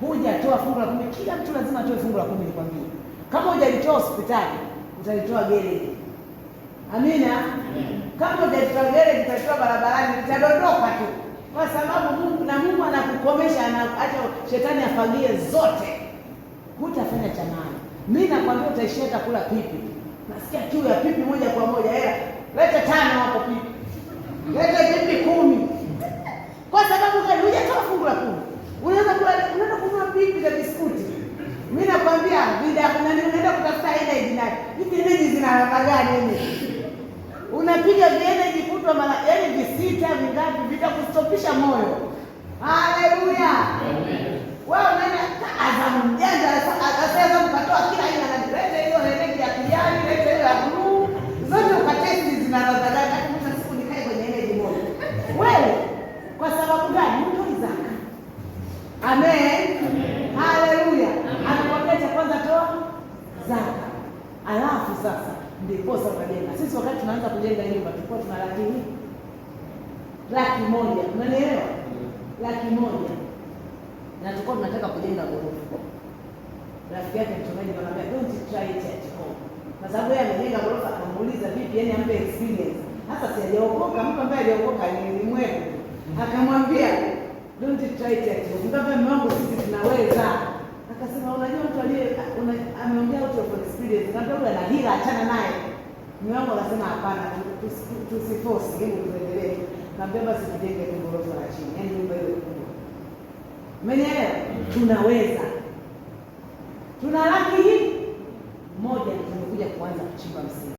hujatoa fungu la kumi, kila mtu lazima atoe fungu la kumi. Nikwambie, kama hujalitoa hospitali utalitoa gereji. Amina. Kama hujalitoa gereji utalitoa barabarani, itadondoka tu, kwa sababu Mungu na Mungu anakukomesha, anaacha shetani afagie zote. Hutafanya cha maana, mi nakwambia, utaishia hata kula pipi. Nasikia kiu ya pipi moja kwa moja, hela leta tano hapo pipi ya kunani, unaenda kutafuta ile jinai. Hizi energy zina alama gani? Unapiga vieneji kutwa mara yaani visita vingapi, vitakustopisha moyo. Haleluya, Wewe unaenda Azamu mjanja asema ukatoa kila aina na lete hiyo energy ya kijani, lete hiyo ya blue, zote ukatesti zina alama gani? Hata siku nikae kwenye energy moja. Wewe kwa sababu gani? Mtu ni zaka. Amen. Amen zaka, alafu sasa ndiposa unajenga. Sisi wakati tunaanza kujenga nyumba tulikuwa tuna laki laki moja, unanielewa? Mm. Laki moja na tulikuwa tunataka kujenga ghorofa. Rafiki yake mchungaji anamwambia don't try it at home, kwa sababu yeye amejenga ghorofa. Akamuuliza vipi, yani ambe experience hasa, si aliokoka? mtu ambaye aliokoka ni mwepo. Akamwambia don't try it at home, mtu ambaye mwangu, sisi tunaweza serious. Nikamwambia huyu ana hila, achana naye. Mume wangu akasema hapana, tusiforce, hebu tuendelee. Nikamwambia basi tujenge tu ghorofa la chini, yaani nyumba ile kubwa. Umenielewa? Tunaweza. Tuna laki moja tumekuja kuanza kuchimba msingi.